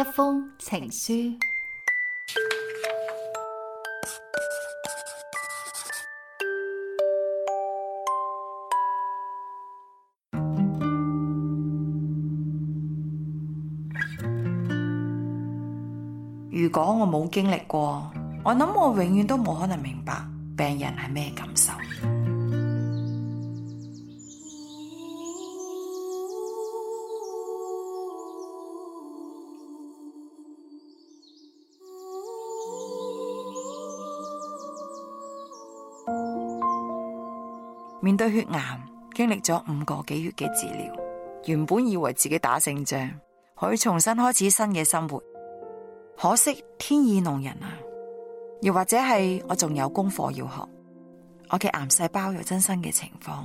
一封情書。如果我冇經歷過，我諗我永遠都冇可能明白病人係咩感受。對血癌經歷咗五個幾月嘅治療，原本以為自己打勝仗，可以重新開始新嘅生活。可惜天意弄人啊！又或者係我仲有功課要學，我嘅癌細胞有增生嘅情況，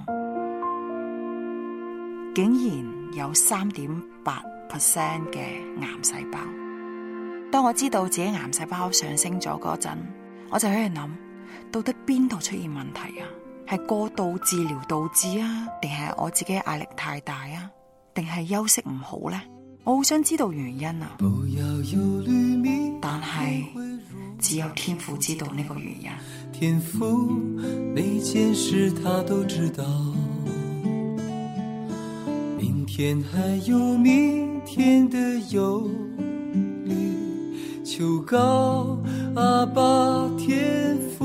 竟然有三點八 percent 嘅癌細胞。當我知道自己癌細胞上升咗嗰陣，我就喺度諗，到底邊度出現問題啊？係過度治療導致啊，定係我自己壓力太大啊，定係休息唔好呢？我好想知道原因啊！但係只有天父知道呢個原因、啊。天天天父。每件事他都知道，明天還有明天的憂慮，求告阿爸天父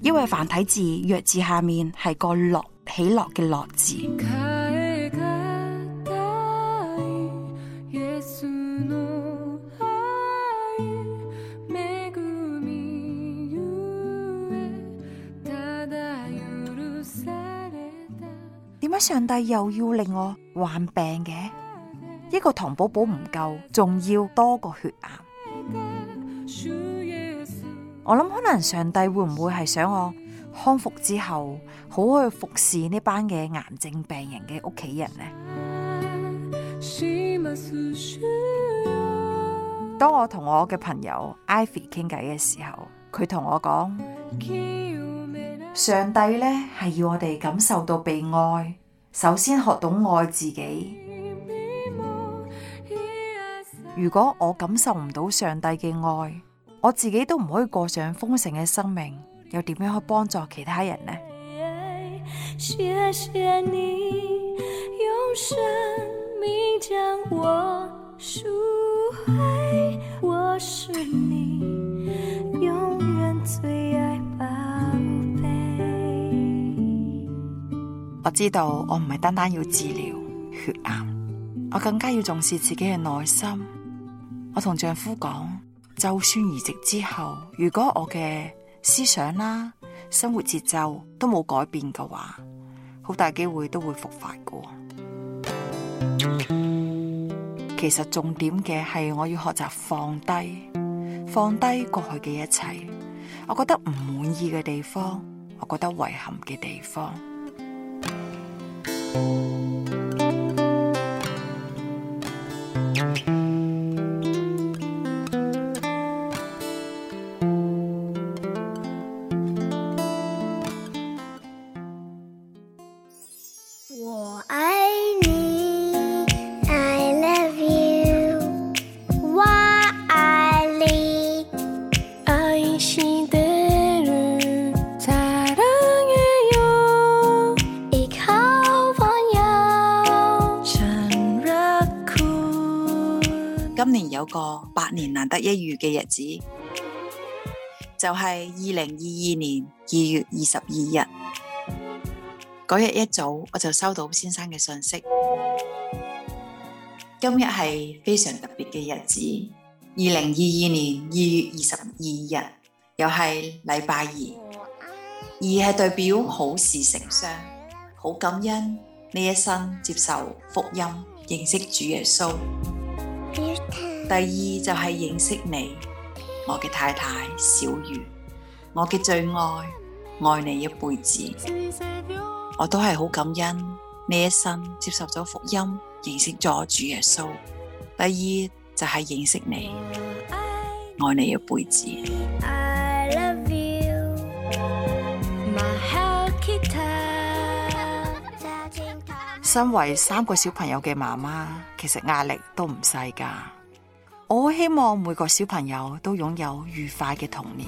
因為繁體字，藥字下面係個樂，喜樂嘅樂字。點解上帝又要令我患病嘅？一個糖寶寶唔夠，仲要多個血癌。我諗可能上帝會唔會係想我康復之後好好去服侍呢班嘅癌症病人嘅屋企人呢？當我同我嘅朋友 Ivy 傾偈嘅時候，佢同我講，嗯，上帝呢係要我哋感受到被愛，首先學懂愛自己。如果我感受唔到上帝嘅愛，我自己都唔可以過上豐盛嘅生命，又點樣去幫助其他人呢？謝謝你用生命將我知道我唔係單單要治療血癌，我更加要重視自己嘅內心。我同丈夫講。就算移植之後，如果我嘅思想啦、生活節奏都冇改變嘅話，好大機會都會復發嘅。其實重點嘅係，我要學習放低，放低過去嘅一切。我覺得唔滿意嘅地方，我覺得遺憾嘅地方。有個百年難得一遇嘅日子，就係二零二二年二月二十二日。嗰日一早，我就收到先生嘅信息。今日係非常特別嘅日子，二零二二年二月二十二日，又係禮拜二，二係代表好事成雙，好感恩呢一生接受福音，認識主耶穌。第二就係認識你，我嘅太太小雨，我嘅最愛，愛你一輩子。我都係好感恩呢一生接受咗福音，認識咗主耶穌。第二就係認識你，愛你一輩子。身為三個小朋友嘅媽媽，其實壓力都唔細㗎。我希望每個小朋友都擁有愉快嘅童年，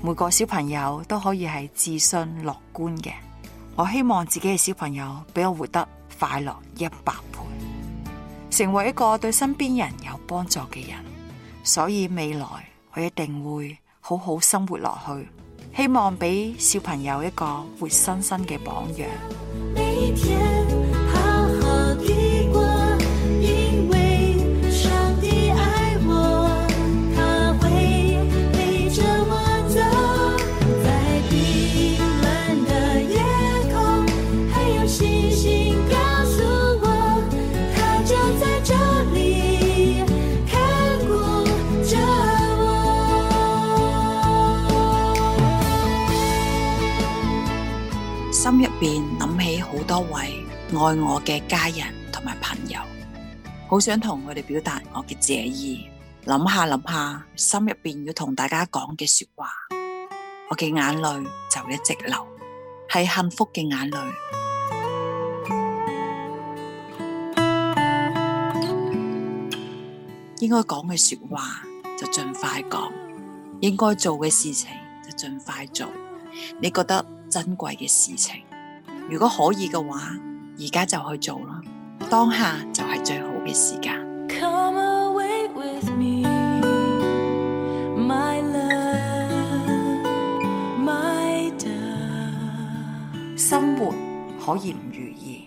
每個小朋友都可以係自信樂觀嘅。我希望自己嘅小朋友比我活得快樂一百倍，成為一個對身邊人有幫助嘅人。所以未來我一定會好好生活落去，希望俾小朋友一個活生生嘅榜樣。心入邊諗起好多位愛我嘅家人同埋朋友，好想同佢哋表達我嘅謝意。諗下諗下，心入邊要同大家講嘅說話，我嘅眼淚就一直流，係幸福嘅眼淚。應該講嘅說話就盡快講，應該做嘅事情就盡快做。你覺得？珍貴嘅事情，如果可以嘅話，而家就去做啦。當下就係最好嘅時間。生活可以唔如意，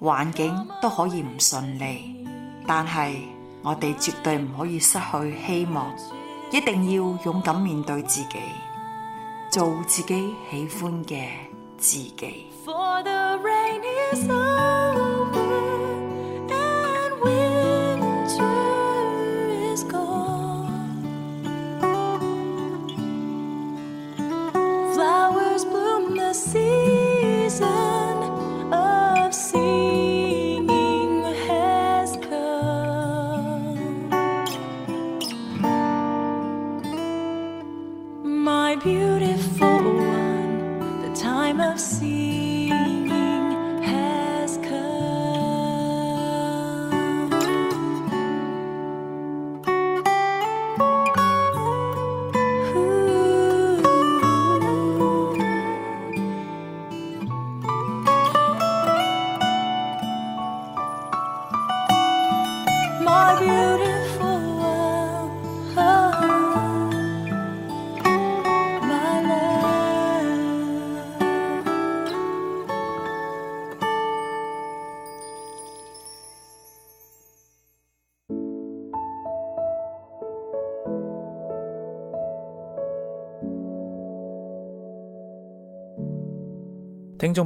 環境都可以唔順利，但係我哋絕對唔可以失去希望，一定要勇敢面對自己。做自己喜歡嘅自己。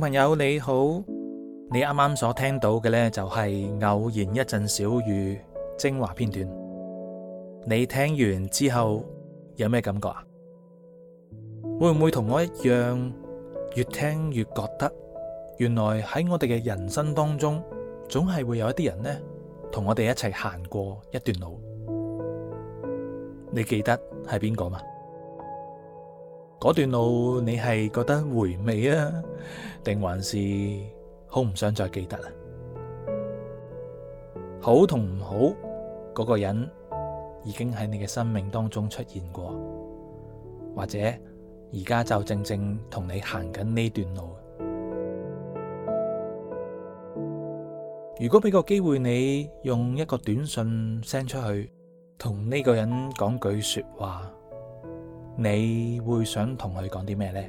朋友你好，你啱啱所聽到嘅呢，就係偶然一陣小雨精華片段。你聽完之後有咩感覺啊？會唔會同我一樣，越聽越覺得原來喺我哋嘅人生當中，總係會有一啲人呢，同我哋一齊行過一段路。你記得係邊個嗎？嗰段路你係覺得回味啊，定還是好唔想再記得啊？好同唔好，嗰個人已經喺你嘅生命當中出現過，或者而家就正正同你行緊呢段路。如果俾個機會你用一個短信 send 出去，同呢個人講句說話。你會想同佢講啲咩呢？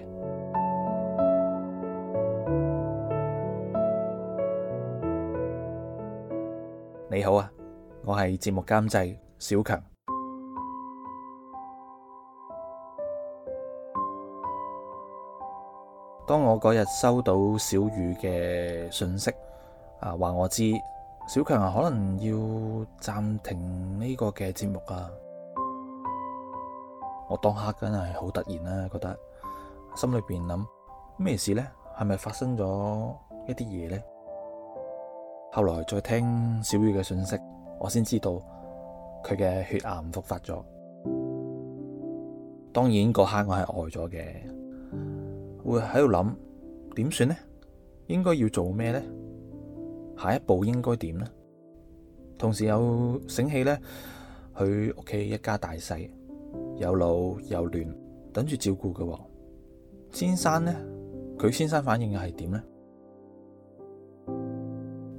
你好啊，我係節目監製小強。當我嗰日收到小雨嘅信息啊，話我知小強可能要暫停呢個嘅節目啊。我當刻真係好突然啦，覺得心裏邊諗咩事呢？係咪發生咗一啲嘢呢？後來再聽小雨嘅信息，我先知道佢嘅血癌複發咗。當然嗰刻我係呆咗嘅，會喺度諗點算呢？應該要做咩呢？下一步應該點呢？同時又醒起呢，佢屋企一家大細。有老有嫩，等住照顧嘅喎、哦。先生呢？佢先生反應又係點呢？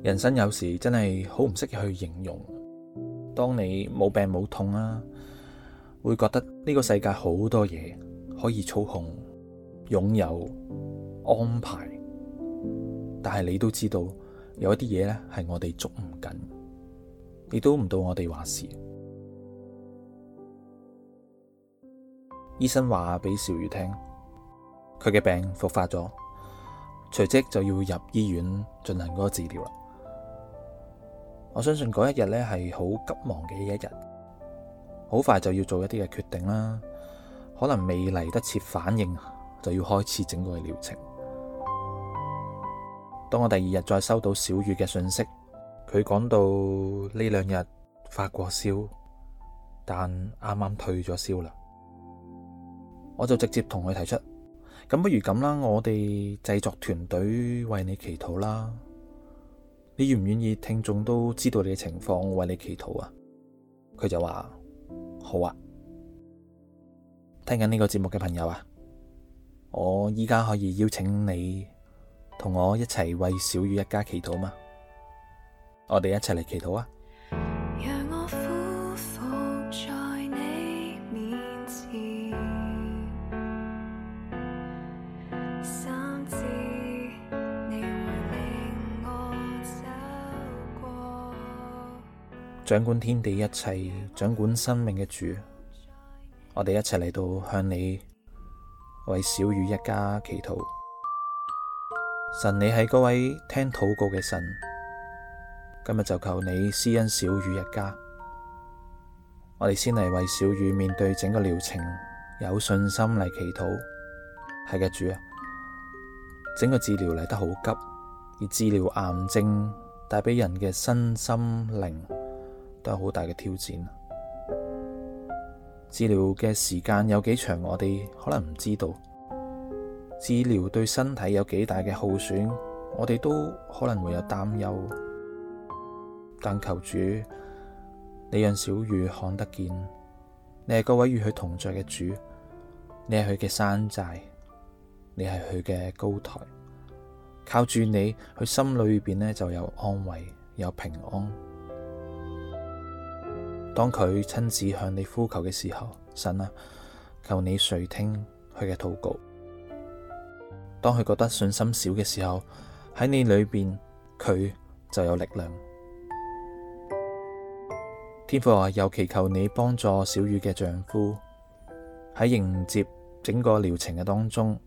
人生有時真係好唔識去形容。當你冇病冇痛啊，會覺得呢個世界好多嘢可以操控、擁有、安排。但係你都知道，有一啲嘢呢係我哋捉唔緊，亦都唔到我哋話事。醫生話俾小雨聽，佢嘅病復發咗，隨即就要入醫院進行嗰個治療啦。我相信嗰一日呢係好急忙嘅一日，好快就要做一啲嘅決定啦。可能未嚟得切反應，就要開始整個嘅療程。當我第二日再收到小雨嘅信息，佢講到呢兩日發過燒，但啱啱退咗燒啦。我就直接同佢提出咁，不如咁啦，我哋製作團隊為你祈禱啦。你願唔願意？聽眾都知道你嘅情況，為你祈禱啊。佢就話好啊。聽緊呢個節目嘅朋友啊，我依家可以邀請你同我一齊為小雨一家祈禱嘛？我哋一齊嚟祈禱啊！掌管天地一切、掌管生命嘅主，我哋一齊嚟到向你為小雨一家祈禱。神，你係嗰位聽禱告嘅神，今日就求你施恩小雨一家。我哋先嚟為小雨面對整個療程有信心嚟祈禱，係嘅主啊！整個治療嚟得好急，而治療癌症帶俾人嘅身心靈，都有好大嘅挑戰，治療嘅時間有幾長，我哋可能唔知道。治療對身體有幾大嘅耗損，我哋都可能會有擔憂。但求主，你讓小雨看得見。你係嗰位與佢同在嘅主，你係佢嘅山寨，你係佢嘅高台。靠住你，佢心裏邊呢就有安慰，有平安。當佢親自向你呼求嘅時候，神啊，求你垂聽佢嘅禱告。當佢覺得信心少嘅時候，喺你裏邊佢就有力量。天父啊，尤其求你幫助小雨嘅丈夫喺迎接整個療程嘅當中，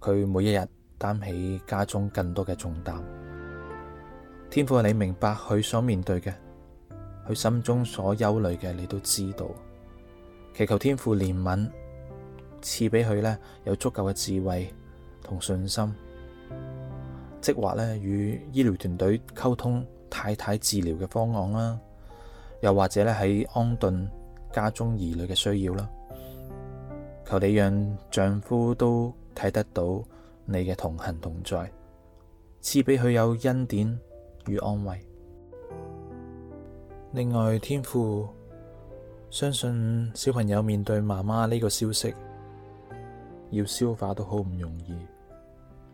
佢每一日擔起家中更多嘅重擔。天父啊，你明白佢所面對嘅。佢心中所憂慮嘅，你都知道。祈求天父憐憫，賜俾佢呢有足夠嘅智慧同信心，即或呢與醫療團隊溝通太太治療嘅方案啦，又或者呢喺安頓家中兒女嘅需要啦。求你讓丈夫都睇得到你嘅同行同在，賜俾佢有恩典與安慰。另外，天父相信，小朋友面對媽媽呢個消息要消化都好唔容易，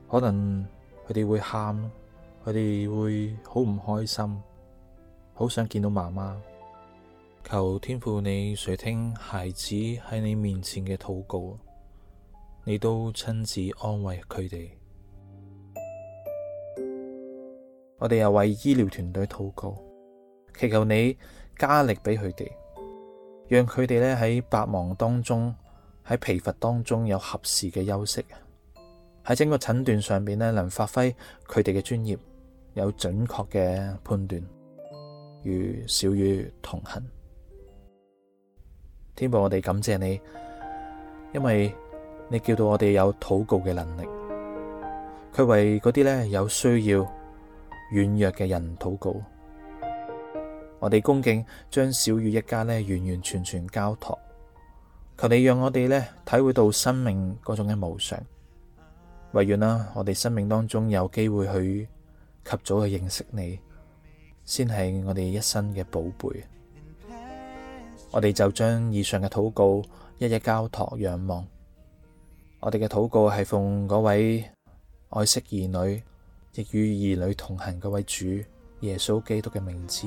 可能佢哋會喊，佢哋會好唔開心，好想見到媽媽。求天父你垂聽孩子喺你面前嘅禱告，你都親自安慰佢哋。我哋又為醫療團隊禱告。祈求你加力俾佢哋，讓佢哋咧喺百忙當中，喺疲乏當中有合適嘅休息；喺整個診斷上邊能發揮佢哋嘅專業，有準確嘅判斷。與小雨同行，天父，我哋感謝你，因為你叫到我哋有禱告嘅能力，佢為嗰啲有需要軟弱嘅人禱告。我哋恭敬將小雨一家呢完完全全交託，求你讓我哋呢體會到生命嗰種嘅無常。唯願啦，我哋生命當中有機會去及早去認識你，先係我哋一生嘅寶貝。我哋就將以上嘅禱告一一交託仰望。我哋嘅禱告係奉嗰位愛惜兒女，亦與兒女同行嗰位主耶穌基督嘅名字。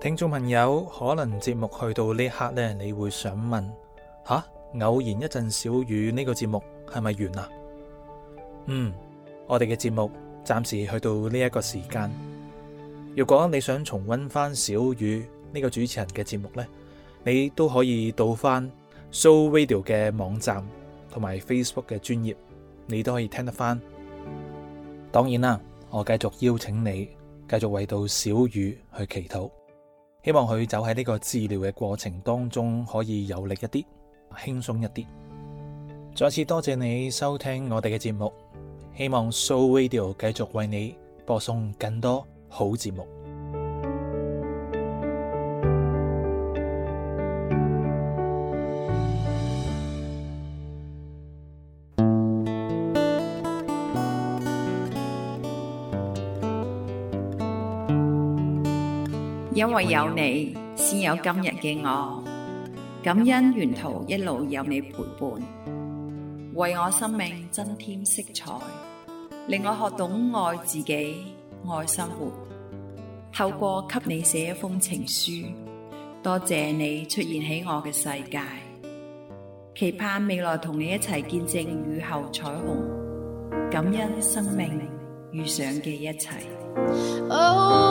聽眾朋友，可能節目去到呢刻呢，你會想問：吓，偶然一陣小雨呢個節目係咪完啦，啊？嗯，我哋嘅節目暫時去到呢一個時間。如果你想重温翻小雨呢個主持人嘅節目呢，你都可以到翻 Show Radio 嘅網站同埋 Facebook 嘅專頁，你都可以聽得翻。當然啦，我繼續邀請你繼續為到小雨去祈禱。希望佢走喺呢個治療嘅過程當中可以有力一啲、輕鬆一啲。再次多謝你收聽我哋嘅節目，希望 soooradio 繼續為你播送更多好節目。因為有你，先有今日嘅我。感恩沿途一路有你陪伴，為我生命增添色彩，令我學懂愛自己、愛生活。透過給你寫一封情書，多謝你出現喺我嘅世界，期盼未來同你一齊見證雨後彩虹。感恩生命遇上嘅一切。Oh,